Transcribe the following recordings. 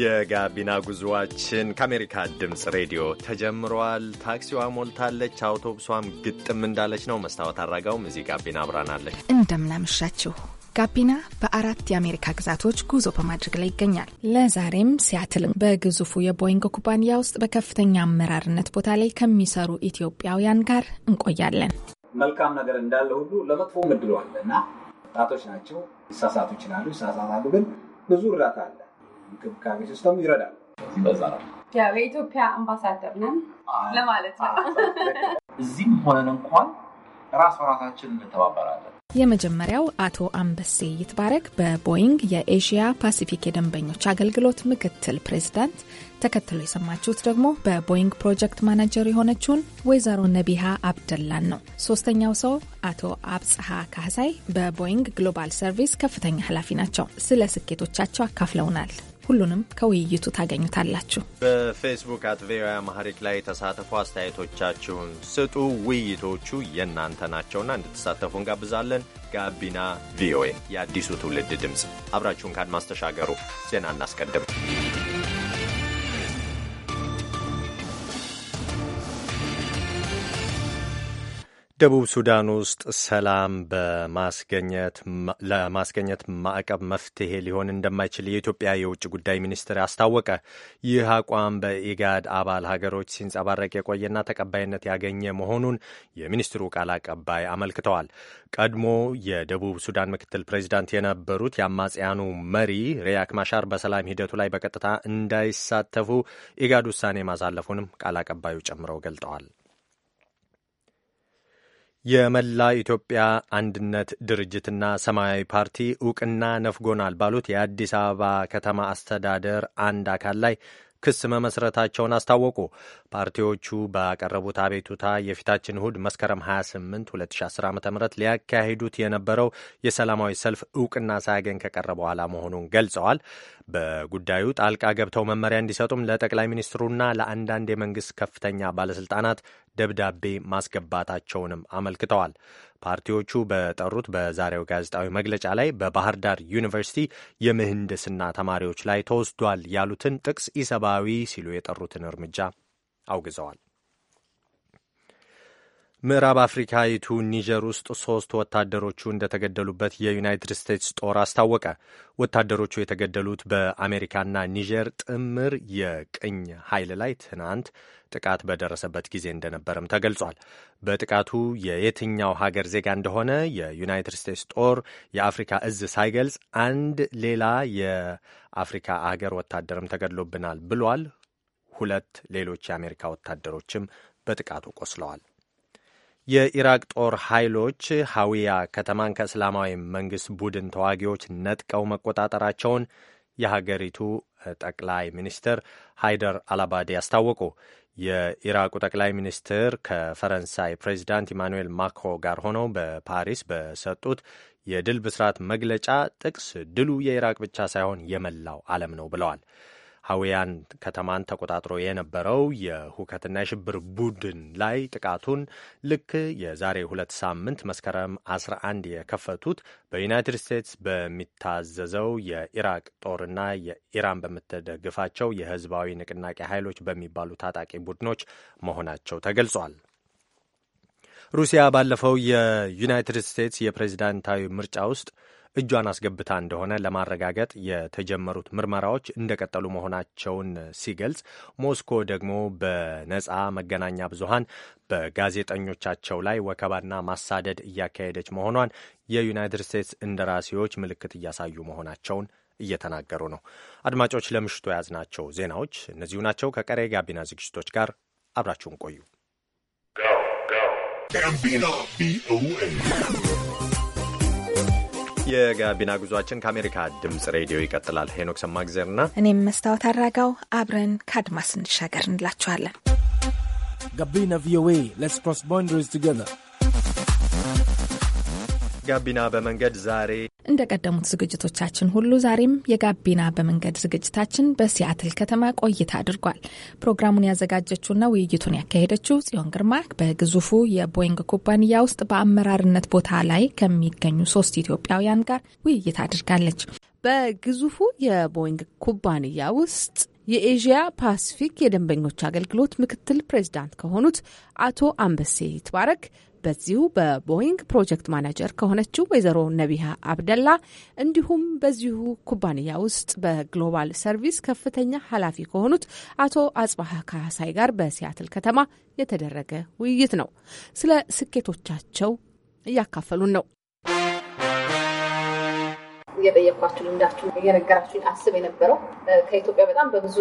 የጋቢና ጉዞዋችን ከአሜሪካ ድምፅ ሬዲዮ ተጀምሯል። ታክሲዋ ሞልታለች፣ አውቶቡሷም ግጥም እንዳለች ነው። መስታወት አድራጋውም እዚህ ጋቢና አብራናለች። እንደምናመሻችሁ። ጋቢና በአራት የአሜሪካ ግዛቶች ጉዞ በማድረግ ላይ ይገኛል። ለዛሬም ሲያትልም በግዙፉ የቦይንግ ኩባንያ ውስጥ በከፍተኛ አመራርነት ቦታ ላይ ከሚሰሩ ኢትዮጵያውያን ጋር እንቆያለን። መልካም ነገር እንዳለ ሁሉ ለመጥፎ ምድሏል እና ወጣቶች ናቸው፣ ይሳሳቱ ይችላሉ፣ ይሳሳታሉ፣ ግን ብዙ እርዳታ አለ እንክብካቤ ሲስተም ይረዳል። በዛ ነው የኢትዮጵያ አምባሳደር ነን ለማለት ነው። እዚህም ሆነን እንኳን ራስ በራሳችን እንተባበራለን። የመጀመሪያው አቶ አንበሴ ይትባረክ በቦይንግ የኤሽያ ፓሲፊክ የደንበኞች አገልግሎት ምክትል ፕሬዚዳንት፣ ተከትሎ የሰማችሁት ደግሞ በቦይንግ ፕሮጀክት ማናጀር የሆነችውን ወይዘሮ ነቢሃ አብደላን ነው። ሶስተኛው ሰው አቶ አብፀሃ ካህሳይ በቦይንግ ግሎባል ሰርቪስ ከፍተኛ ኃላፊ ናቸው። ስለ ስኬቶቻቸው አካፍለውናል። ሁሉንም ከውይይቱ ታገኙታላችሁ። በፌስቡክ አት ቪኦኤ አማሪክ ላይ የተሳተፉ አስተያየቶቻችሁን ስጡ። ውይይቶቹ የእናንተ ናቸውና እንድትሳተፉ እንጋብዛለን። ጋቢና ቪኦኤ የአዲሱ ትውልድ ድምፅ፣ አብራችሁን ካድማስ ተሻገሩ። ዜና እናስቀድም። ደቡብ ሱዳን ውስጥ ሰላም በማስገኘት ለማስገኘት ማዕቀብ መፍትሄ ሊሆን እንደማይችል የኢትዮጵያ የውጭ ጉዳይ ሚኒስትር አስታወቀ። ይህ አቋም በኢጋድ አባል ሀገሮች ሲንጸባረቅ የቆየና ተቀባይነት ያገኘ መሆኑን የሚኒስትሩ ቃል አቀባይ አመልክተዋል። ቀድሞ የደቡብ ሱዳን ምክትል ፕሬዚዳንት የነበሩት የአማጽያኑ መሪ ሪያክ ማሻር በሰላም ሂደቱ ላይ በቀጥታ እንዳይሳተፉ ኢጋድ ውሳኔ ማሳለፉንም ቃል አቀባዩ ጨምረው ገልጠዋል። የመላ ኢትዮጵያ አንድነት ድርጅትና ሰማያዊ ፓርቲ እውቅና ነፍጎናል ባሉት የአዲስ አበባ ከተማ አስተዳደር አንድ አካል ላይ ክስ መመስረታቸውን አስታወቁ። ፓርቲዎቹ ባቀረቡት አቤቱታ የፊታችን እሁድ መስከረም 28 2010 ዓ ም ሊያካሂዱት የነበረው የሰላማዊ ሰልፍ እውቅና ሳያገኝ ከቀረ በኋላ መሆኑን ገልጸዋል። በጉዳዩ ጣልቃ ገብተው መመሪያ እንዲሰጡም ለጠቅላይ ሚኒስትሩና ለአንዳንድ የመንግስት ከፍተኛ ባለስልጣናት ደብዳቤ ማስገባታቸውንም አመልክተዋል። ፓርቲዎቹ በጠሩት በዛሬው ጋዜጣዊ መግለጫ ላይ በባህር ዳር ዩኒቨርሲቲ የምህንድስና ተማሪዎች ላይ ተወስዷል ያሉትን ጥቅስ ኢሰብአዊ ሲሉ የጠሩትን እርምጃ አውግዘዋል። ምዕራብ አፍሪካዊቱ ኒጀር ውስጥ ሶስት ወታደሮቹ እንደተገደሉበት የዩናይትድ ስቴትስ ጦር አስታወቀ። ወታደሮቹ የተገደሉት በአሜሪካና ኒጀር ጥምር የቅኝ ኃይል ላይ ትናንት ጥቃት በደረሰበት ጊዜ እንደነበረም ተገልጿል። በጥቃቱ የየትኛው ሀገር ዜጋ እንደሆነ የዩናይትድ ስቴትስ ጦር የአፍሪካ እዝ ሳይገልጽ አንድ ሌላ የአፍሪካ አገር ወታደርም ተገድሎብናል ብሏል። ሁለት ሌሎች የአሜሪካ ወታደሮችም በጥቃቱ ቆስለዋል። የኢራቅ ጦር ኃይሎች ሀዊያ ከተማን ከእስላማዊ መንግሥት ቡድን ተዋጊዎች ነጥቀው መቆጣጠራቸውን የሀገሪቱ ጠቅላይ ሚኒስትር ሃይደር አልአባዲ አስታወቁ። የኢራቁ ጠቅላይ ሚኒስትር ከፈረንሳይ ፕሬዚዳንት ኢማኑኤል ማክሮ ጋር ሆነው በፓሪስ በሰጡት የድል ብስራት መግለጫ ጥቅስ ድሉ የኢራቅ ብቻ ሳይሆን የመላው ዓለም ነው ብለዋል። ሀዊያን ከተማን ተቆጣጥሮ የነበረው የሁከትና የሽብር ቡድን ላይ ጥቃቱን ልክ የዛሬ ሁለት ሳምንት መስከረም 11 የከፈቱት በዩናይትድ ስቴትስ በሚታዘዘው የኢራቅ ጦርና የኢራን በምትደግፋቸው የህዝባዊ ንቅናቄ ኃይሎች በሚባሉ ታጣቂ ቡድኖች መሆናቸው ተገልጿል። ሩሲያ ባለፈው የዩናይትድ ስቴትስ የፕሬዚዳንታዊ ምርጫ ውስጥ እጇን አስገብታ እንደሆነ ለማረጋገጥ የተጀመሩት ምርመራዎች እንደቀጠሉ መሆናቸውን ሲገልጽ፣ ሞስኮ ደግሞ በነጻ መገናኛ ብዙሃን በጋዜጠኞቻቸው ላይ ወከባና ማሳደድ እያካሄደች መሆኗን የዩናይትድ ስቴትስ እንደራሴዎች ምልክት እያሳዩ መሆናቸውን እየተናገሩ ነው። አድማጮች፣ ለምሽቱ የያዝናቸው ዜናዎች እነዚሁ ናቸው። ከቀሪ ጋቢና ዝግጅቶች ጋር አብራችሁን ቆዩ። ጋቢና ቪኦኤ የጋቢና ጉዟችን ከአሜሪካ ድምጽ ሬዲዮ ይቀጥላል። ሄኖክ ሰማግዜርና እኔም መስታወት አራጋው አብረን ከአድማስ እንሻገር እንላችኋለን። ጋቢና ቪኦኤ ሌትስ ክሮስ ቦንደሪስ ቱጌዘር ጋቢና በመንገድ ዛሬ እንደ ቀደሙት ዝግጅቶቻችን ሁሉ ዛሬም የጋቢና በመንገድ ዝግጅታችን በሲያትል ከተማ ቆይታ አድርጓል። ፕሮግራሙን ያዘጋጀችውና ውይይቱን ያካሄደችው ጽዮን ግርማ በግዙፉ የቦይንግ ኩባንያ ውስጥ በአመራርነት ቦታ ላይ ከሚገኙ ሶስት ኢትዮጵያውያን ጋር ውይይት አድርጋለች። በግዙፉ የቦይንግ ኩባንያ ውስጥ የኤዥያ ፓሲፊክ የደንበኞች አገልግሎት ምክትል ፕሬዚዳንት ከሆኑት አቶ አንበሴ ይትባረክ በዚሁ በቦይንግ ፕሮጀክት ማናጀር ከሆነችው ወይዘሮ ነቢሃ አብደላ እንዲሁም በዚሁ ኩባንያ ውስጥ በግሎባል ሰርቪስ ከፍተኛ ኃላፊ ከሆኑት አቶ አጽባህ ካሳይ ጋር በሲያትል ከተማ የተደረገ ውይይት ነው። ስለ ስኬቶቻቸው እያካፈሉን ነው። እየጠየኳችሁ ልምዳችሁ እየነገራችሁ አስብ የነበረው ከኢትዮጵያ በጣም በብዙ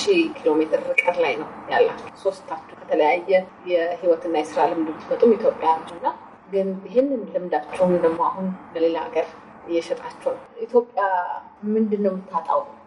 ሺህ ኪሎ ሜትር ርቀት ላይ ነው ያላችሁ ሶስታችሁ ከተለያየ የህይወትና የስራ ልምድ ብትመጡም ኢትዮጵያ እና ግን ይህንን ልምዳችሁን ደግሞ አሁን ለሌላ ሀገር እየሸጣችሁ ነው። ኢትዮጵያ ምንድን ነው የምታጣው?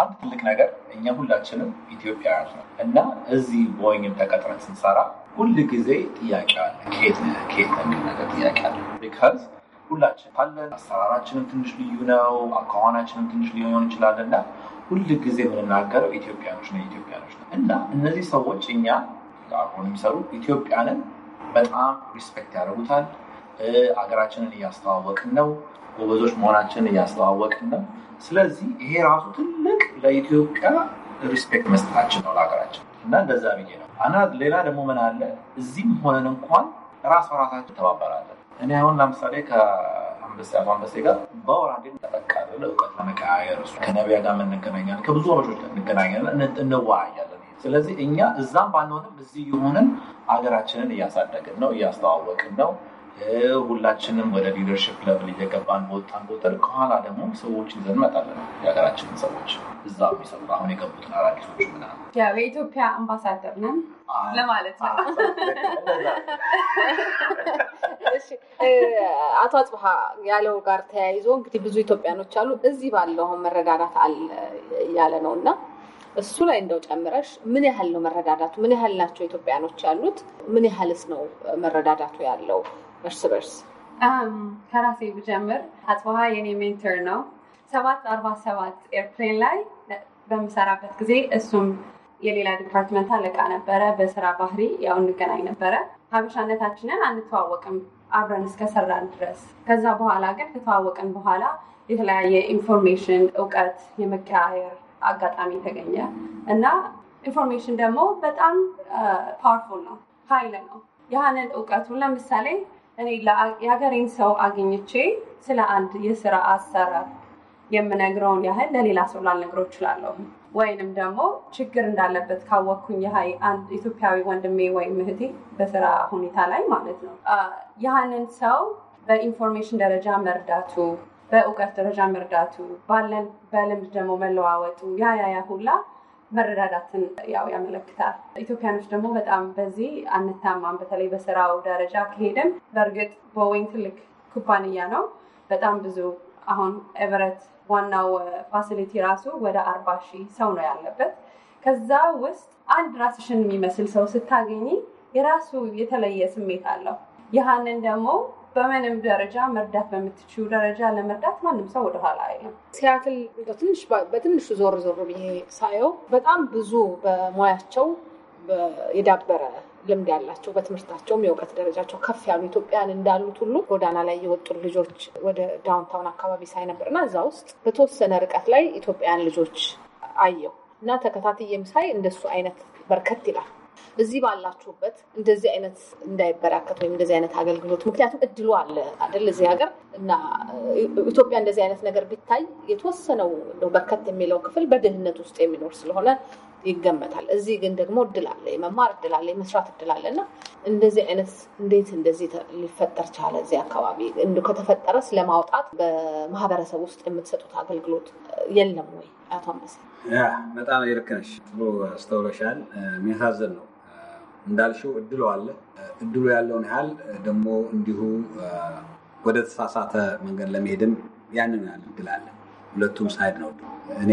አንድ ትልቅ ነገር እኛ ሁላችንም ኢትዮጵያውያን ነው እና እዚህ ቦይንግም ተቀጥረን ስንሰራ ሁል ጊዜ ጥያቄ አለ። ነገር ጥያቄ አለ። ቢካዝ ሁላችን ካለን አሰራራችንም ትንሽ ልዩ ነው። አካዋናችንም ትንሽ ሊሆን ይችላል እና ሁል ጊዜ የምንናገረው ኢትዮጵያኖች ነው ኢትዮጵያኖች ነው እና እነዚህ ሰዎች እኛ አሁን የሚሰሩ ኢትዮጵያንን በጣም ሪስፔክት ያደርጉታል። አገራችንን እያስተዋወቅን ነው። ጎበዞች መሆናችንን እያስተዋወቅን ነው። ስለዚህ ይሄ ራሱ ትልቅ ለኢትዮጵያ ሪስፔክት መስጠታችን ነው ለሀገራችን እና እንደዛ ብዬ ነው ሌላ ደግሞ ምን አለ እዚህም ሆነን እንኳን ራስ በራሳችን ተባበራለን። እኔ አሁን ለምሳሌ ከአንበሳ አንበሴ ጋር በወር አንዴ እውቀት ለመቀያየር ከነቢያ ጋር እንገናኛለን፣ ከብዙ እንገናኛለን፣ ስለዚህ እኛ እዛም ባንሆንም እዚህ የሆንን ሀገራችንን እያሳደግን ነው፣ እያስተዋወቅን ነው። ሁላችንም ወደ ሊደርሽፕ ለብል እየገባን በወጣን ቁጥር ከኋላ ደግሞ ሰዎች ይዘን እንመጣለን። የሀገራችንን ሰዎች እዛ የሚሰሩ አሁን የገቡትን አዳዲሶች ምናምን የኢትዮጵያ አምባሳደር ነን ለማለት ነው። አቶ አጽብሃ ያለው ጋር ተያይዞ እንግዲህ ብዙ ኢትዮጵያኖች አሉ እዚህ ባለውን መረዳዳት አለ እያለ ነው እና እሱ ላይ እንደው ጨምረሽ ምን ያህል ነው መረዳዳቱ? ምን ያህል ናቸው ኢትዮጵያኖች ያሉት? ምን ያህልስ ነው መረዳዳቱ ያለው? እርስ በርስ um, ከራሴ ብጀምር አጽባሀ የኔ ሜንተር ነው። ሰባት አርባ ሰባት ኤርፕሌን ላይ በምሰራበት ጊዜ እሱም የሌላ ዲፓርትመንት አለቃ ነበረ። በስራ ባህሪ ያው እንገናኝ ነበረ። ሀበሻነታችንን አንተዋወቅም አብረን እስከሰራን ድረስ። ከዛ በኋላ ግን ከተዋወቅን በኋላ የተለያየ ኢንፎርሜሽን እውቀት የመቀያየር አጋጣሚ ተገኘ እና ኢንፎርሜሽን ደግሞ በጣም ፓወርፉል uh, ነው፣ ሀይል ነው። ያህንን እውቀቱ ለምሳሌ እኔ የሀገሬን ሰው አግኝቼ ስለ አንድ የስራ አሰራር የምነግረውን ያህል ለሌላ ሰው ላልነግረው እችላለሁ። ወይንም ደግሞ ችግር እንዳለበት ካወቅኩኝ ያ አንድ ኢትዮጵያዊ ወንድሜ ወይም እህቴ በስራ ሁኔታ ላይ ማለት ነው ያህንን ሰው በኢንፎርሜሽን ደረጃ መርዳቱ፣ በእውቀት ደረጃ መርዳቱ፣ ባለን በልምድ ደግሞ መለዋወጡ ያ ያ ያ ሁላ መረዳዳትን ያው ያመለክታል። ኢትዮጵያኖች ደግሞ በጣም በዚህ አንታማም። በተለይ በስራው ደረጃ ከሄደን በእርግጥ ቦዊንግ ትልቅ ኩባንያ ነው። በጣም ብዙ አሁን ኤቨረት ዋናው ፋሲሊቲ ራሱ ወደ አርባ ሺህ ሰው ነው ያለበት። ከዛ ውስጥ አንድ ራስሽን የሚመስል ሰው ስታገኝ የራሱ የተለየ ስሜት አለው። ይህንን ደግሞ በምንም ደረጃ መርዳት በምትችሉ ደረጃ ለመርዳት ማንም ሰው ወደኋላ አይልም። ሲያትል በትንሹ ዞር ዞር ብዬ ሳየው በጣም ብዙ በሙያቸው የዳበረ ልምድ ያላቸው በትምህርታቸውም የእውቀት ደረጃቸው ከፍ ያሉ ኢትዮጵያን እንዳሉት ሁሉ ጎዳና ላይ የወጡ ልጆች ወደ ዳውንታውን አካባቢ ሳይ ነበር እና እዛ ውስጥ በተወሰነ ርቀት ላይ ኢትዮጵያን ልጆች አየው እና ተከታትዬም ሳይ እንደሱ አይነት በርከት ይላል እዚህ ባላችሁበት እንደዚህ አይነት እንዳይበራከት ወይም እንደዚህ አይነት አገልግሎት ምክንያቱም እድሉ አለ አደል እዚህ ሀገር እና ኢትዮጵያ እንደዚህ አይነት ነገር ቢታይ የተወሰነው በርከት የሚለው ክፍል በድህነት ውስጥ የሚኖር ስለሆነ ይገመታል። እዚህ ግን ደግሞ እድል አለ፣ የመማር እድል አለ፣ የመስራት እድል አለ እና እንደዚህ አይነት እንዴት እንደዚህ ሊፈጠር ቻለ? እዚህ አካባቢ ከተፈጠረስ ለማውጣት በማህበረሰብ ውስጥ የምትሰጡት አገልግሎት የለም ወይ? አቶ አንበሳ፣ በጣም ልክ ነሽ። ጥሩ አስተውለሻል። የሚያሳዝን ነው እንዳልሽው እድሎ አለ። እድሎ ያለውን ያህል ደግሞ እንዲሁ ወደ ተሳሳተ መንገድ ለመሄድም ያንን ያህል እድል አለ። ሁለቱም ሳይድ ነው። እኔ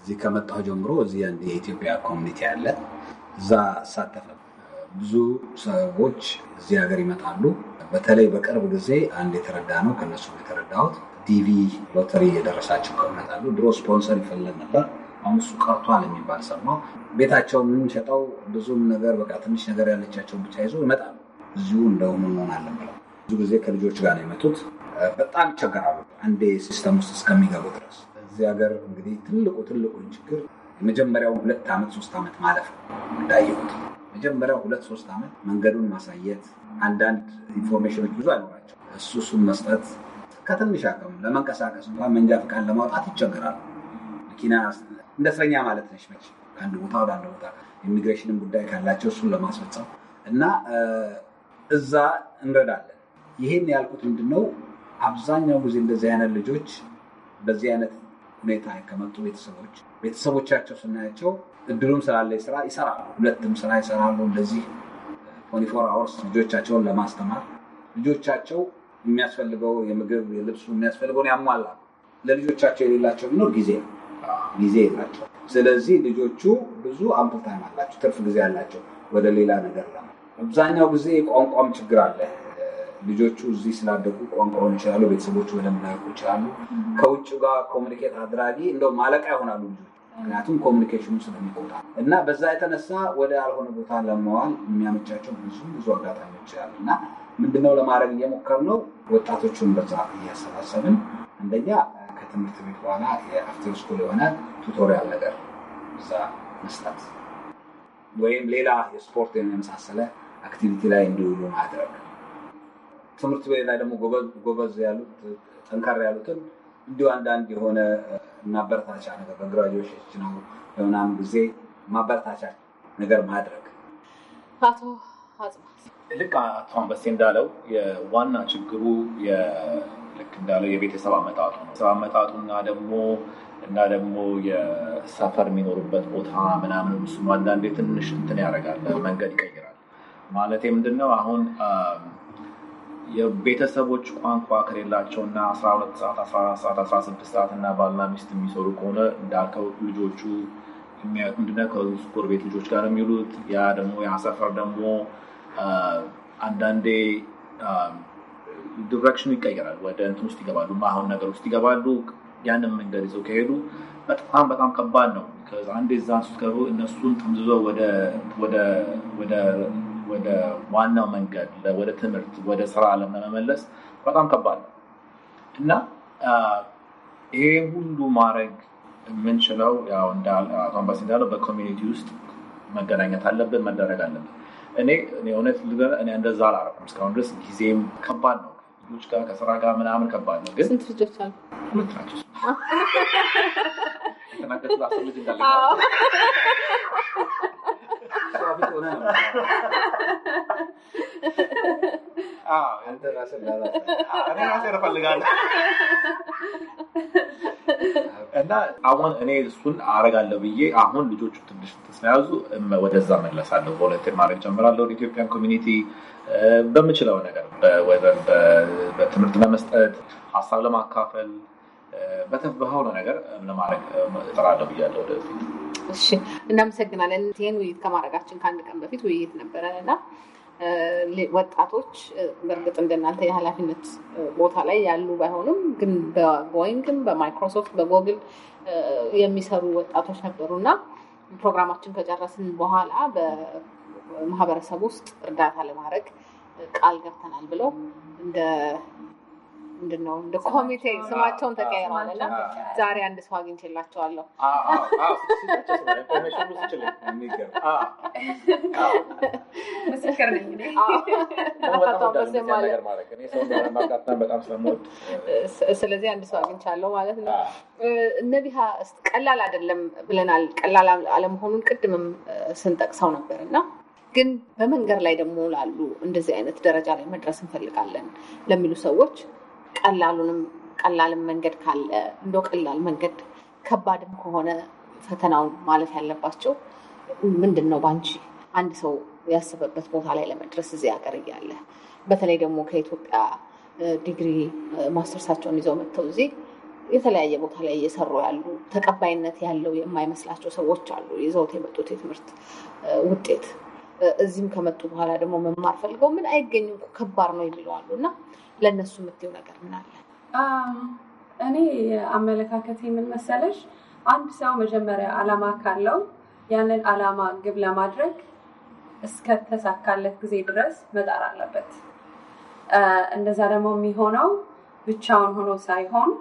እዚህ ከመጣሁ ጀምሮ እዚህ የኢትዮጵያ ኮሚኒቲ አለ። እዛ አሳተፈ ብዙ ሰዎች እዚህ ሀገር ይመጣሉ። በተለይ በቅርብ ጊዜ አንድ የተረዳ ነው ከነሱ የተረዳሁት ዲቪ ሎተሪ የደረሳቸው ይመጣሉ። ድሮ ስፖንሰር ይፈለግ ነበር አሁን እሱ ቀርቷል የሚባል ሰማሁ። ቤታቸው የምንሸጠው ብዙም ነገር በቃ ትንሽ ነገር ያለቻቸውን ብቻ ይዞ ይመጣል። እዚሁ እንደውም እንሆናለን ብለው ብዙ ጊዜ ከልጆች ጋር ነው የመጡት። በጣም ይቸገራሉ አንዴ ሲስተም ውስጥ እስከሚገቡ ድረስ። እዚህ ሀገር እንግዲህ ትልቁ ትልቁን ችግር የመጀመሪያው ሁለት ዓመት ሶስት ዓመት ማለፍ ነው እንዳየሁት። መጀመሪያው ሁለት ሶስት ዓመት መንገዱን ማሳየት፣ አንዳንድ ኢንፎርሜሽኖች ብዙ አይኖራቸው እሱ እሱን መስጠት ከትንሽ አቅም ለመንቀሳቀስ እንኳን መንጃ ፍቃድ ለማውጣት ይቸገራሉ። መኪና እንደ እስረኛ ማለት ነች መች ከአንድ ቦታ ወደ አንድ ቦታ ኢሚግሬሽንን ጉዳይ ካላቸው እሱን ለማስፈጸም እና እዛ እንረዳለን። ይህን ያልኩት ምንድነው አብዛኛው ጊዜ እንደዚህ አይነት ልጆች በዚህ አይነት ሁኔታ ከመጡ ቤተሰቦች ቤተሰቦቻቸው ስናያቸው እድሉም ስላለ ስራ ይሰራሉ፣ ሁለትም ስራ ይሰራሉ። እንደዚህ ፎኒፎር አወርስ ልጆቻቸውን ለማስተማር ልጆቻቸው የሚያስፈልገው የምግብ የልብሱ የሚያስፈልገውን ያሟላሉ። ለልጆቻቸው የሌላቸው ቢኖር ጊዜ ነው ጊዜ የላቸው። ስለዚህ ልጆቹ ብዙ አምፕል ታይም አላቸው፣ ትርፍ ጊዜ አላቸው ወደ ሌላ ነገር ለ አብዛኛው ጊዜ ቋንቋም ችግር አለ። ልጆቹ እዚህ ስላደጉ ቋንቋውን ይችላሉ፣ ቤተሰቦቹ በደንብ ላያውቁ ይችላሉ። ከውጭ ጋር ኮሚኒኬት አድራጊ እንደው ማለቃ ይሆናሉ ልጆች ምክንያቱም ኮሚኒኬሽኑ ስለሚቆጣ እና በዛ የተነሳ ወደ ያልሆነ ቦታ ለመዋል የሚያመቻቸው ብዙ ብዙ አጋጣሚ ያሉ እና ምንድነው ለማድረግ እየሞከር ነው ወጣቶቹን በዛ እያሰባሰብን አንደኛ ከትምህርት ቤት በኋላ የአፍተር ስኩል የሆነ ቱቶሪያል ነገር እዛ መስጠት ወይም ሌላ የስፖርት የመመሳሰለ አክቲቪቲ ላይ እንዲውሉ ማድረግ። ትምህርት ቤት ላይ ደግሞ ጎበዝ ያሉት ጠንካር ያሉትን እንዲሁ አንዳንድ የሆነ ማበረታቻ ነገር በግራጁዌሽን ነው ለምናም ጊዜ ማበረታቻ ነገር ማድረግ። አቶ አጽማት ልክ አቶ አንበሴ እንዳለው የዋና ችግሩ ልክ እንዳለው የቤተሰብ አመጣጡ ነው። ቤተሰብ አመጣጡ እና ደግሞ እና ደግሞ የሰፈር የሚኖሩበት ቦታ ምናምን እሱ አንዳንዴ ትንሽ እንትን ያደርጋል፣ መንገድ ይቀይራል። ማለት ምንድን ነው አሁን የቤተሰቦች ቋንቋ ከሌላቸው እና 12 ሰዓት 14 ሰዓት 16 ሰዓት እና ባልና ሚስት የሚሰሩ ከሆነ እንዳልከው ልጆቹ የሚያዩት ምንድነው ቤት ልጆች ጋር የሚውሉት ያ ደግሞ ያ ሰፈር ደግሞ አንዳንዴ ዲሬክሽኑ ይቀየራል። ወደ እንትን ውስጥ ይገባሉ፣ ማሁን ነገር ውስጥ ይገባሉ። ያንን መንገድ ይዘው ከሄዱ በጣም በጣም ከባድ ነው። ከዛ አንዴ እዛ ከሩ እነሱን ጠምዝዘው ወደ ዋናው መንገድ ወደ ትምህርት፣ ወደ ስራ ለመመለስ በጣም ከባድ ነው እና ይሄ ሁሉ ማድረግ የምንችለው ያው እንዳለው በኮሚኒቲ ውስጥ መገናኘት አለብን፣ መደረግ አለብን። እኔ እውነት ልገ እኔ እንደዛ አላረኩም እስካሁን ድረስ ጊዜም ከባድ ነው ልጆች ጋር ከስራ ጋር ምናምን ከባድ ነው። ግን ስንት ልጆች አሉ? ሁለት ናቸው። የተናገርኩት አስር ልጅ እንዳለ አንተ ራስህ እኔ ራሴን እፈልጋለሁ እና አሁን እኔ እሱን አረጋለሁ ብዬ አሁን ልጆቹ ትንሽ ተስተያዙ ወደዛ መለሳለሁ። ቮለንቲር ማድረግ ጀምራለሁ። ኢትዮጵያን ኮሚኒቲ በምችለው ነገር በትምህርት ለመስጠት ሀሳብ ለማካፈል በተበሆነ ነገር ለማድረግ እጥራለሁ ብያለሁ ወደፊት። እሺ እናመሰግናለን። ይህን ውይይት ከማድረጋችን ከአንድ ቀን በፊት ውይይት ነበረን እና ወጣቶች በእርግጥ እንደናንተ የኃላፊነት ቦታ ላይ ያሉ ባይሆንም ግን በቦይንግም በማይክሮሶፍት በጎግል የሚሰሩ ወጣቶች ነበሩ እና ፕሮግራማችን ከጨረስን በኋላ በማህበረሰብ ውስጥ እርዳታ ለማድረግ ቃል ገብተናል ብለው እንደ ምንድን ነው እንደ ኮሚቴ ስማቸውን ተቀይረዋል እና ዛሬ አንድ ሰው አግኝቼላቸዋለሁ። ስለዚህ አንድ ሰው አግኝቻለሁ ማለት ነው። እነዚህ ቀላል አይደለም ብለናል። ቀላል አለመሆኑን ቅድምም ስንጠቅሰው ነበር እና ግን በመንገድ ላይ ደግሞ ላሉ እንደዚህ አይነት ደረጃ ላይ መድረስ እንፈልጋለን ለሚሉ ሰዎች ቀላሉንም ቀላልም መንገድ ካለ እንደ ቀላል መንገድ ከባድም ከሆነ ፈተናውን ማለፍ ያለባቸው ምንድን ነው ባንቺ አንድ ሰው ያሰበበት ቦታ ላይ ለመድረስ እዚህ ሀገር እያለ በተለይ ደግሞ ከኢትዮጵያ ዲግሪ ማስተርሳቸውን ይዘው መጥተው እዚህ የተለያየ ቦታ ላይ እየሰሩ ያሉ ተቀባይነት ያለው የማይመስላቸው ሰዎች አሉ። ይዘውት የመጡት የትምህርት ውጤት እዚህም ከመጡ በኋላ ደግሞ መማር ፈልገው ምን አይገኙም ከባድ ነው የሚለዋሉ እና ለእነሱ የምትየው ነገር ምን አለ? እኔ አመለካከት ምን መሰለሽ፣ አንድ ሰው መጀመሪያ አላማ ካለው ያንን አላማ ግብ ለማድረግ እስከተሳካለት ጊዜ ድረስ መጣር አለበት። እንደዛ ደግሞ የሚሆነው ብቻውን ሆኖ ሳይሆን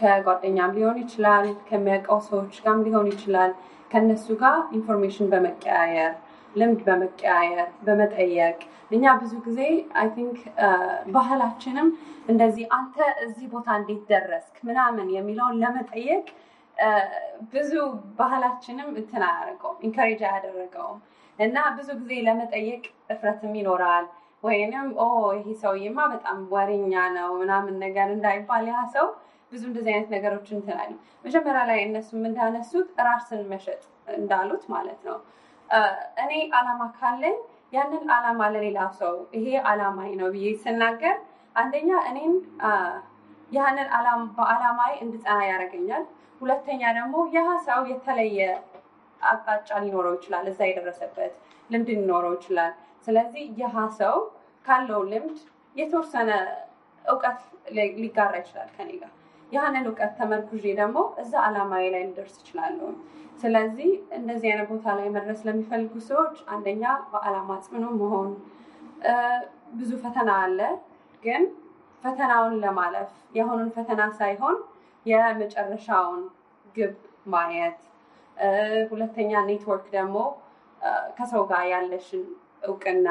ከጓደኛም ሊሆን ይችላል፣ ከሚያውቀው ሰዎች ጋርም ሊሆን ይችላል። ከነሱ ጋር ኢንፎርሜሽን በመቀያየር ልምድ በመቀያየር በመጠየቅ እኛ ብዙ ጊዜ አይ ቲንክ uh, ባህላችንም እንደዚህ አንተ እዚህ ቦታ እንዴት ደረስክ ምናምን የሚለውን ለመጠየቅ uh, ብዙ ባህላችንም እንትን አያደርገውም ኢንካሬጅ አያደረገውም እና ብዙ ጊዜ ለመጠየቅ እፍረትም ይኖራል ወይንም ይሄ ሰውዬማ በጣም ወሬኛ ነው ምናምን ነገር እንዳይባል ያ ሰው ብዙ እንደዚህ አይነት ነገሮች እንትን መጀመሪያ ላይ እነሱም እንዳነሱት ራስን መሸጥ እንዳሉት ማለት ነው እኔ አላማ ካለኝ ያንን አላማ ለሌላ ሰው ይሄ አላማዬ ነው ብዬ ስናገር አንደኛ እኔን ያንን በአላማዬ እንድጸና ያደርገኛል። ሁለተኛ ደግሞ ያህ ሰው የተለየ አቅጣጫ ሊኖረው ይችላል። እዛ የደረሰበት ልምድ ሊኖረው ይችላል። ስለዚህ ያህ ሰው ካለው ልምድ የተወሰነ እውቀት ሊጋራ ይችላል ከኔ ጋር ያንን እውቀት ተመርኩዤ ደግሞ እዛ አላማዊ ላይ ልደርስ እችላለሁ። ስለዚህ እንደዚህ አይነት ቦታ ላይ መድረስ ለሚፈልጉ ሰዎች አንደኛ በአላማ ጽኑ መሆን። ብዙ ፈተና አለ፣ ግን ፈተናውን ለማለፍ የአሁኑን ፈተና ሳይሆን የመጨረሻውን ግብ ማየት። ሁለተኛ ኔትወርክ ደግሞ ከሰው ጋር ያለሽን እውቅና፣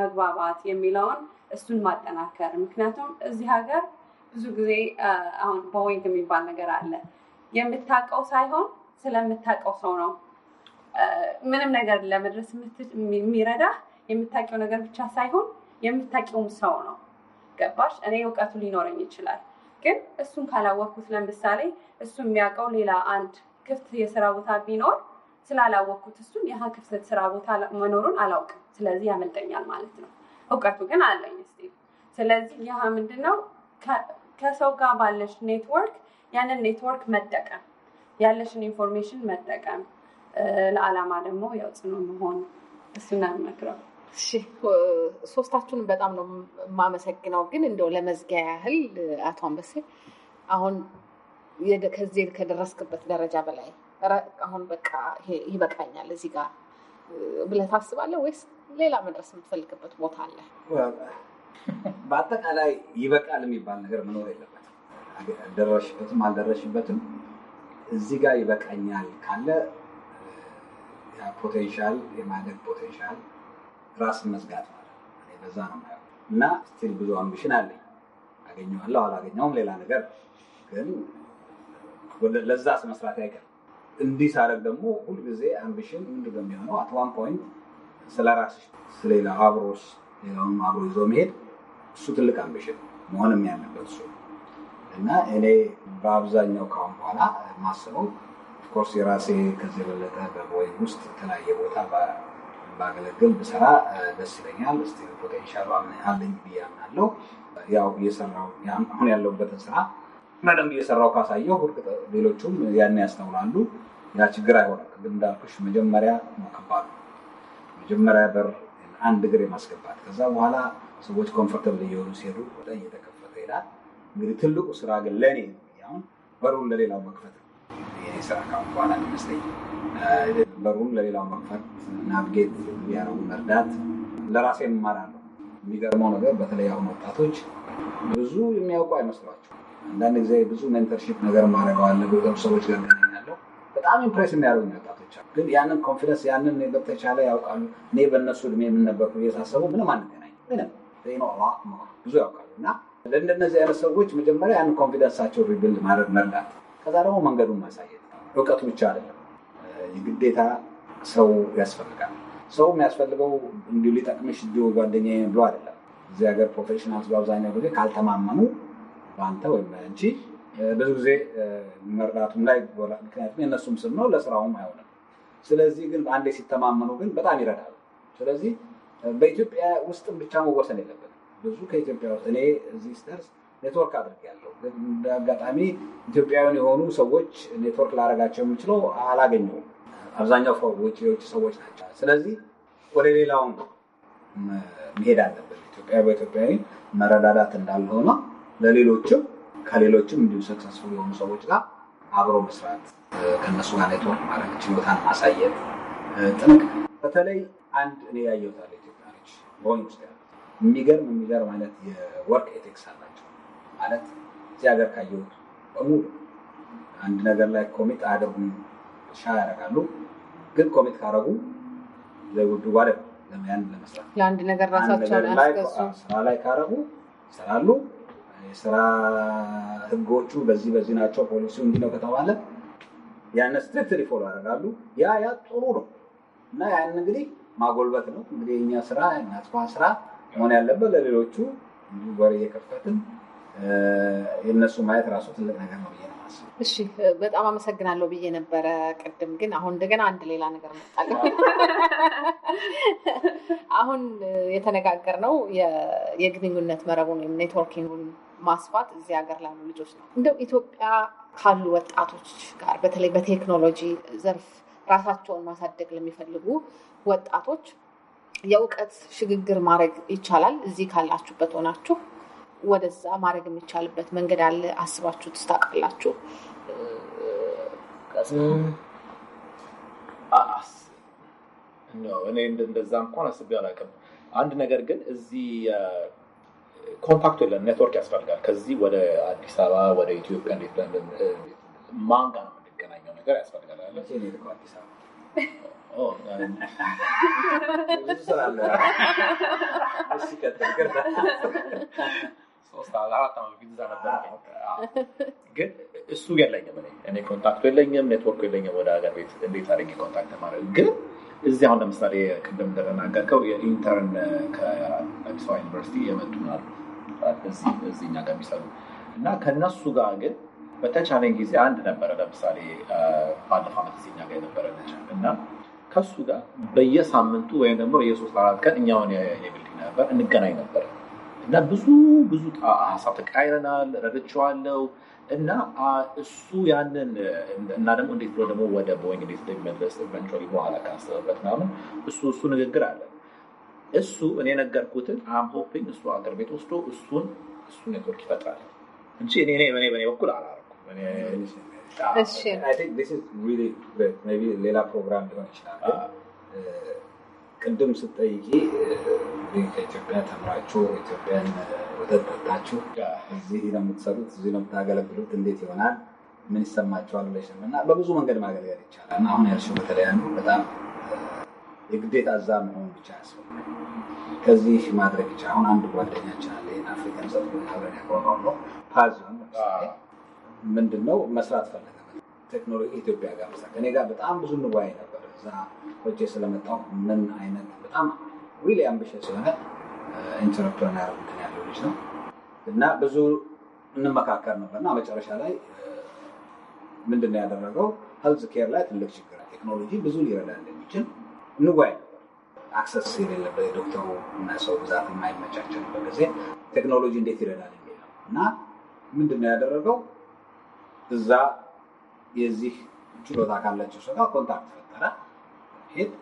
መግባባት የሚለውን እሱን ማጠናከር። ምክንያቱም እዚህ ሀገር ብዙ ጊዜ አሁን ቦዊንግ የሚባል ነገር አለ። የምታውቀው ሳይሆን ስለምታውቀው ሰው ነው። ምንም ነገር ለመድረስ የሚረዳ የምታውቂው ነገር ብቻ ሳይሆን የምታውቂውም ሰው ነው። ገባሽ? እኔ እውቀቱ ሊኖረኝ ይችላል፣ ግን እሱን ካላወቅኩት፣ ለምሳሌ እሱ የሚያውቀው ሌላ አንድ ክፍት የስራ ቦታ ቢኖር ስላላወቅኩት እሱን ያህ ክፍት ስራ ቦታ መኖሩን አላውቅም። ስለዚህ ያመልጠኛል ማለት ነው። እውቀቱ ግን አለኝ። ስለዚህ ያህ ምንድነው ከሰው ጋር ባለሽ ኔትወርክ ያንን ኔትወርክ መጠቀም፣ ያለሽን ኢንፎርሜሽን መጠቀም፣ ለአላማ ደግሞ ያው ጽኑ መሆን እሱን አንመክረው። ሶስታችሁን በጣም ነው የማመሰግነው። ግን እንደው ለመዝጊያ ያህል አቶ አንበሴ አሁን ከዚህ ከደረስክበት ደረጃ በላይ አሁን በቃ ይበቃኛል እዚህ ጋር ብለህ ታስባለህ ወይስ ሌላ መድረስ የምትፈልግበት ቦታ አለ? በአጠቃላይ ይበቃል የሚባል ነገር መኖር የለበትም። ደረሽበትም አልደረሽበትም እዚህ ጋር ይበቃኛል ካለ ፖቴንሻል የማደግ ፖቴንሻል ራስ መዝጋት ማለት በዛ ነው ማለት እና ስቲል ብዙ አምቢሽን አለኝ አገኘዋለሁ አላገኘውም ሌላ ነገር ግን ለዛ መስራት አይቀር እንዲህ ሳደርግ ደግሞ ሁልጊዜ አምቢሽን ምንድ ነው የሚሆነው? አት ዋን ፖይንት ስለ ራስሽ ስለሌላ አብሮስ ሌላውም አብሮ ይዞ መሄድ እሱ ትልቅ አምቢሽን መሆንም ያለበት እሱ እና እኔ በአብዛኛው ካሁን በኋላ ማስበው ኦፍኮርስ የራሴ ከዚህ የበለጠ በቦይ ውስጥ የተለያየ ቦታ ባገለግል ብሰራ ደስ ይለኛል። ስ ፖቴንሻሉ አለኝ ብዬ አምናለሁ። ያው እየሰራሁ አሁን ያለሁበትን ስራ በደንብ እየሰራሁ ካሳየሁ ሌሎቹም ያን ያስተውላሉ። ያ ችግር አይሆንም። ቅድም እንዳልኩሽ መጀመሪያ ነው መጀመሪያ በር አንድ እግር የማስገባት ከዛ በኋላ ሰዎች ኮምፎርተብል እየሆኑ ሲሄዱ ወደ እየተከፈተ ይሄዳል። እንግዲህ ትልቁ ስራ ግን ለእኔ አሁን በሩን ለሌላው መክፈት የኔ ስራ ካሁን በኋላ ይመስለኝ በሩን ለሌላው መክፈት፣ ናቪጌት ያረጉ መርዳት፣ ለራሴ እማራለሁ። የሚገርመው ነገር በተለይ አሁን ወጣቶች ብዙ የሚያውቁ አይመስሏቸው። አንዳንድ ጊዜ ብዙ ሜንተርሺፕ ነገር ማድረገዋለ ብዙ ሰዎች ጋር ገናኛለሁ። በጣም ኢምፕሬስ የሚያደርጉ ወጣቶች አሉ። ግን ያንን ኮንፊደንስ ያንን በተቻለ ያውቃሉ። እኔ በእነሱ እድሜ የምነበርኩ እየሳሰቡ ምንም አንገናኝ ምንም ብዙ ያውቃል እና ለእንደነዚህ አይነት ሰዎች መጀመሪያ ያን ኮንፊደንሳቸው ሪቢልድ ማድረግ መርዳት፣ ከዛ ደግሞ መንገዱን ማሳየት። እውቀቱ ብቻ አይደለም፣ የግዴታ ሰው ያስፈልጋል። ሰው የሚያስፈልገው እንዲሁ ሊጠቅምሽ እንዲሁ ጓደኛ ብሎ አይደለም። እዚህ ሀገር ፕሮፌሽናልስ በአብዛኛው ጊዜ ካልተማመኑ በአንተ ወይም በአንቺ ብዙ ጊዜ መርዳቱም ላይ ይጎላል። ምክንያቱም የእነሱም ስም ነው፣ ለስራውም አይሆንም። ስለዚህ ግን አንዴ ሲተማመኑ ግን በጣም ይረዳሉ። ስለዚህ በኢትዮጵያ ውስጥም ብቻ መወሰን የለበትም። ብዙ ከኢትዮጵያ ውስጥ እኔ እዚህ ስደርስ ኔትወርክ አድርጌያለሁ። እንደ አጋጣሚ ኢትዮጵያውያን የሆኑ ሰዎች ኔትወርክ ላደርጋቸው የምችለው አላገኘውም። አብዛኛው ውጭ የውጭ ሰዎች ናቸው። ስለዚህ ወደ ሌላውን መሄድ አለበት። ኢትዮጵያ በኢትዮጵያዊ መረዳዳት እንዳልሆነ ለሌሎችም ከሌሎችም እንዲሁ ሰክሰስፉል የሆኑ ሰዎች ጋር አብሮ መስራት፣ ከእነሱ ጋር ኔትወርክ ማድረግ፣ ችሎታን ማሳየት ጥንቅ በተለይ አንድ እኔ ያየሁታል መሆን ይችላል። የሚገርም የሚገርም አይነት የወርቅ ኤቲክስ አላቸው። ማለት እዚህ ሀገር ካየሁት በሙሉ አንድ ነገር ላይ ኮሚት አያደርጉም፣ ሻ ያደርጋሉ። ግን ኮሚት ካደረጉ ለውዱ ባለ ለመያን ለመስራት ለአንድ ነገር ራሳቸውን ስራ ላይ ካደረጉ ይሰራሉ። የስራ ህጎቹ በዚህ በዚህ ናቸው፣ ፖሊሲው እንዲህ ነው ከተባለ ያን ስትሪክትሊ ፎሎ ያደርጋሉ። ያ ያ ጥሩ ነው እና ያን እንግዲህ ማጎልበት ነው። እንግዲህ የኛ ስራ ናጽፋን ስራ መሆን ያለበት ለሌሎቹ ወር እየከፈትን የእነሱ ማየት ራሱ ትልቅ ነገር ነው ብዬ ነው የማስበው። እሺ በጣም አመሰግናለሁ ብዬ ነበረ ቅድም፣ ግን አሁን እንደገና አንድ ሌላ ነገር መጣለ። አሁን የተነጋገርነው የግንኙነት መረቡን ወይም ኔትወርኪንጉን ማስፋት እዚህ ሀገር ላሉ ልጆች ነው። እንደው ኢትዮጵያ ካሉ ወጣቶች ጋር በተለይ በቴክኖሎጂ ዘርፍ ራሳቸውን ማሳደግ ለሚፈልጉ ወጣቶች የእውቀት ሽግግር ማድረግ ይቻላል። እዚህ ካላችሁበት ሆናችሁ ወደዛ ማድረግ የሚቻልበት መንገድ አለ። አስባችሁ ትስታቃላችሁ። እኔ እንደዛ እንኳን አስቤ አላውቅም። አንድ ነገር ግን እዚህ ኮንታክት የለም፣ ኔትወርክ ያስፈልጋል። ከዚህ ወደ አዲስ አበባ ወደ ኢትዮጵያ ማን ነው ነገር ያስፈልጋል። አዲስ አበባ ግን እሱ የለኝም፣ እኔ ኮንታክቱ የለኝም፣ ኔትወርኩ የለኝም። ወደ ሀገር ቤት እንዴት አድርጌ ኮንታክት ማድረግ ግን እዚህ አሁን ለምሳሌ ቅድም እንደተናገርከው የኢንተርን ከአዲስ አበባ ዩኒቨርሲቲ የመጡ ናሉ ጋር የሚሰሩ እና ከእነሱ ጋር ግን በተቻለኝ ጊዜ አንድ ነበረ። ለምሳሌ ባለፈው ዓመት እኛ ጋር የነበረ ልጅ እና ከሱ ጋር በየሳምንቱ ወይም ደግሞ በየሶስት አራት ቀን እኛውን የቢልዲንግ ነበር እንገናኝ ነበር እና ብዙ ብዙ ሀሳብ ተቃይረናል። ረድቼዋለሁ እና እሱ ያንን እና ደግሞ እንዴት ብሎ ደግሞ ወደ ቦይንግ እንዴት እንደሚመለስ ኢቨንቹዋሊ በኋላ ካሰበበት ምናምን እሱ እሱ ንግግር አለ። እሱ እኔ ነገርኩትን አም ሆፒንግ እሱ አገር ቤት ወስዶ እሱን እሱ ኔትወርክ ይፈጥራል እንጂ እኔ በኔ በኔ በኩል አላ ሌላ ፕሮግራም ሊሆን ይችላል። ቅድም ስጠይቂ ከኢትዮጵያ ተምራችሁ ኢትዮጵያን ወተት ጠጣችሁ እዚህ ነው የምትሰሩት፣ እዚህ ነው የምታገለግሉት፣ እንዴት ይሆናል፣ ምን ይሰማችኋል ብለሽ እና በብዙ መንገድ ማገልገል ይቻላል እና አሁን ያልሽው በተለይ አንዱ በጣም የግዴታ እዛ መሆን ብቻ ያስፈልጋል። ከዚህ ማድረግ ይቻላል። አሁን አንድ ጓደኛችን አለ አፍሪካን ሰብን ፓዝ ምንድን ነው መስራት ፈለገ ቴክኖሎጂ ኢትዮጵያ ጋር ሳ ከኔ ጋር በጣም ብዙ ንዋይ ነበር። እዛ ቆጭ ስለመጣው ምን አይነት በጣም ሪሊ አምብሽ የሆነ ኢንተርፕረነር uh, እንትን ያለው ልጅ ነው እና ብዙ እንመካከር ነበር እና መጨረሻ ላይ uh, ምንድን ነው ያደረገው ሄልዝ ኬር ላይ ትልቅ ችግር ቴክኖሎጂ ብዙ ሊረዳ እንደሚችል ንዋይ ነበር። አክሰስ የሌለበት የዶክተሩ እና ሰው ብዛት የማይመቻቸልበት ጊዜ ቴክኖሎጂ እንዴት ይረዳል የሚል ነው እና ምንድነው ያደረገው እዛ የዚህ ችሎታ ካላቸው ሰው ጋር ኮንታክት ፈጠረ። ሄድ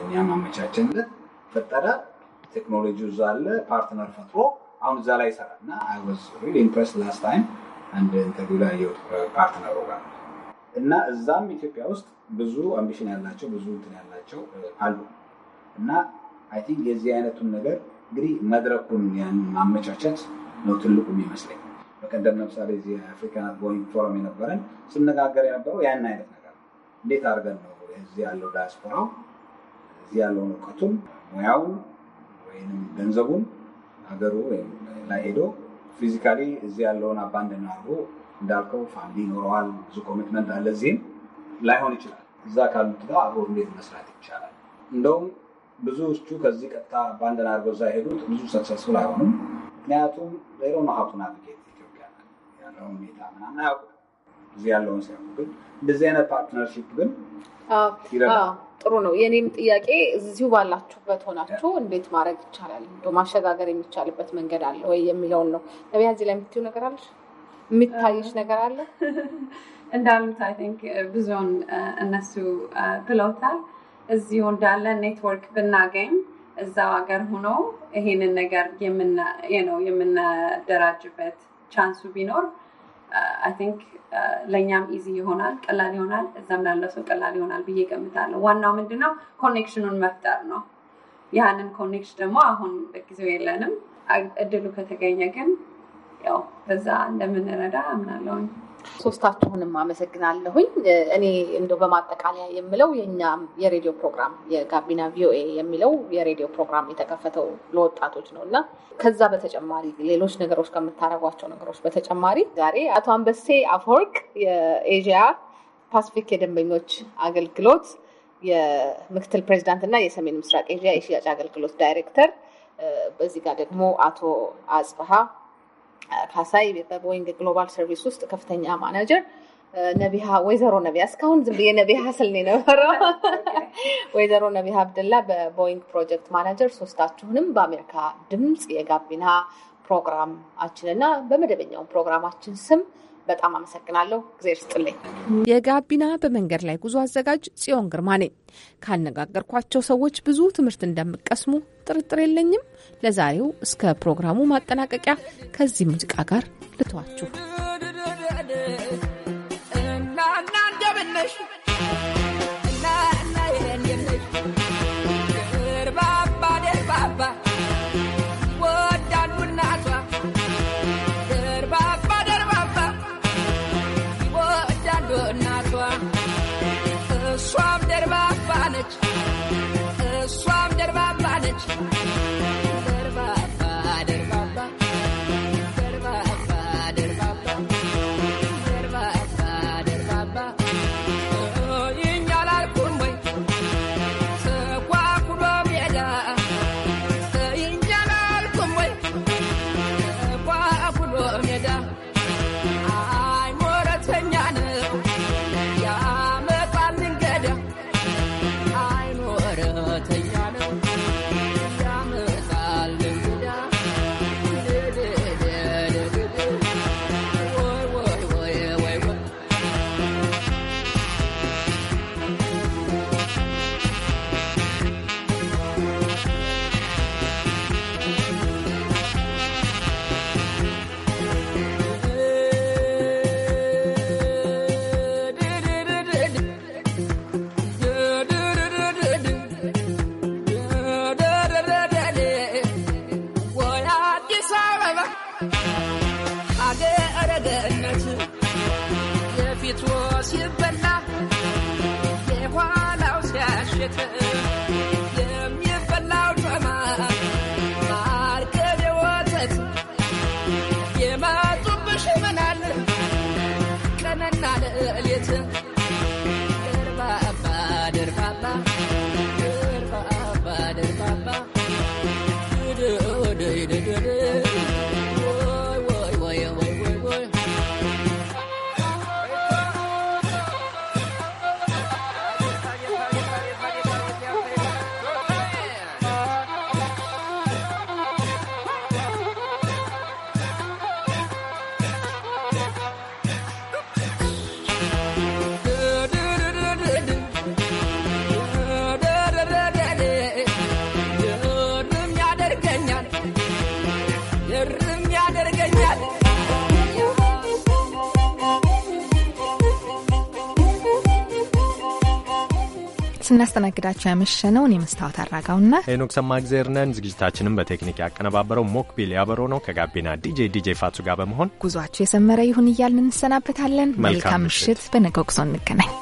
እኛ አመቻቸንለት ፈጠረ። ቴክኖሎጂ እዛ አለ። ፓርትነር ፈጥሮ አሁን እዛ ላይ ይሰራል እና አይ ዋዝ ሪሊ ኢምፕረስድ ላስት ታይም አንድ ኢንተርቪው ላይ የወጡ ፓርትነሩ ጋር እና እዛም ኢትዮጵያ ውስጥ ብዙ አምቢሽን ያላቸው ብዙ እንትን ያላቸው አሉ እና አይ ቲንክ የዚህ አይነቱን ነገር እንግዲህ መድረኩን ያን ማመቻቸት ነው ትልቁ ይመስለኝ። በቀደም ለምሳሌ እዚህ አፍሪካናት ቦይንግ ፎረም የነበረን ስነጋገር የነበረው ያን አይነት ነገር እንዴት አድርገን ነው እዚህ ያለው ዳያስፖራው እዚህ ያለውን እውቀቱን፣ ሙያውን ወይም ገንዘቡን ሀገሩ ላይ ሄዶ ፊዚካሊ እዚህ ያለውን አባንድን አድርጎ እንዳልከው ፋሚሊ ይኖረዋል፣ ብዙ ኮሚትመንት አለ፣ እዚህም ላይሆን ይችላል። እዛ ካሉት ጋር አብሮ እንዴት መስራት ይቻላል? እንደውም ብዙ ብዙዎቹ ከዚህ ቀጥታ አባንድን አድርገው እዛ ሄዱት ብዙ ሰክሰስፉል አይሆኑም። ምክንያቱም ሌሎ ነው ሀብቱን አድርጌት ያለውን ሁኔታ ምናምን አያውቁ እዚህ ያለውን ሳይሆን ግን እንደዚህ አይነት ፓርትነርሺፕ ግን ጥሩ ነው። የኔም ጥያቄ እዚሁ ባላችሁበት ሆናችሁ እንዴት ማድረግ ይቻላል፣ ማሸጋገር የሚቻልበት መንገድ አለ ወይ የሚለውን ነው። ነቢያ እዚህ ላይ የምትይው ነገር አለ፣ የሚታይሽ ነገር አለ? እንዳሉት አይ ቲንክ ብዙውን እነሱ ብለውታል። እዚሁ እንዳለ ኔትወርክ ብናገኝ እዛው ሀገር ሆኖ ይሄንን ነገር የምናደራጅበት ቻንሱ ቢኖር አይ ቲንክ ለእኛም ኢዚ ይሆናል፣ ቀላል ይሆናል፣ እዛም ላለው ሰው ቀላል ይሆናል ብዬ ገምታለሁ። ዋናው ምንድነው ነው ኮኔክሽኑን መፍጠር ነው። ያንን ኮኔክሽን ደግሞ አሁን ጊዜው የለንም። እድሉ ከተገኘ ግን ያው በዛ እንደምንረዳ አምናለውኝ ሶስታችሁንም አመሰግናለሁኝ። እኔ እንደው በማጠቃለያ የምለው የእኛም የሬዲዮ ፕሮግራም የጋቢና ቪኦኤ የሚለው የሬዲዮ ፕሮግራም የተከፈተው ለወጣቶች ነው እና ከዛ በተጨማሪ ሌሎች ነገሮች ከምታደርጓቸው ነገሮች በተጨማሪ ዛሬ አቶ አንበሴ አፈወርቅ የኤዥያ ፓስፊክ የደንበኞች አገልግሎት የምክትል ፕሬዚዳንት እና የሰሜን ምስራቅ ኤዥያ የሽያጭ አገልግሎት ዳይሬክተር፣ በዚህ ጋር ደግሞ አቶ አጽብሃ ካሳይ በቦይንግ ግሎባል ሰርቪስ ውስጥ ከፍተኛ ማናጀር ነቢሃ ወይዘሮ ነቢያ እስካሁን ዝም ብዬ ነቢሃ ስል የነበረው። ወይዘሮ ነቢሃ አብድላ በቦይንግ ፕሮጀክት ማናጀር፣ ሶስታችሁንም በአሜሪካ ድምፅ የጋቢና ፕሮግራማችን እና በመደበኛው ፕሮግራማችን ስም በጣም አመሰግናለሁ። ጊዜ ርስጥልኝ። የጋቢና በመንገድ ላይ ጉዞ አዘጋጅ ጽዮን ግርማ ነኝ። ካነጋገርኳቸው ሰዎች ብዙ ትምህርት እንደምቀስሙ ጥርጥር የለኝም። ለዛሬው እስከ ፕሮግራሙ ማጠናቀቂያ ከዚህ ሙዚቃ ጋር ልተዋችሁ። 说些笨呐，野花闹下雪村。ስናስተናግዳቸው ያመሸነውን የመስታወት አድራጋውና ሄኖክ ሰማ ግዜርነን ዝግጅታችንን በቴክኒክ ያቀነባበረው ሞክቢል ያበሮ ነው። ከጋቢና ዲጄ ዲጄ ፋቱ ጋር በመሆን ጉዟቸው የሰመረ ይሁን እያልን እንሰናበታለን። መልካም ምሽት። በነገው ጉዞ እንገናኝ።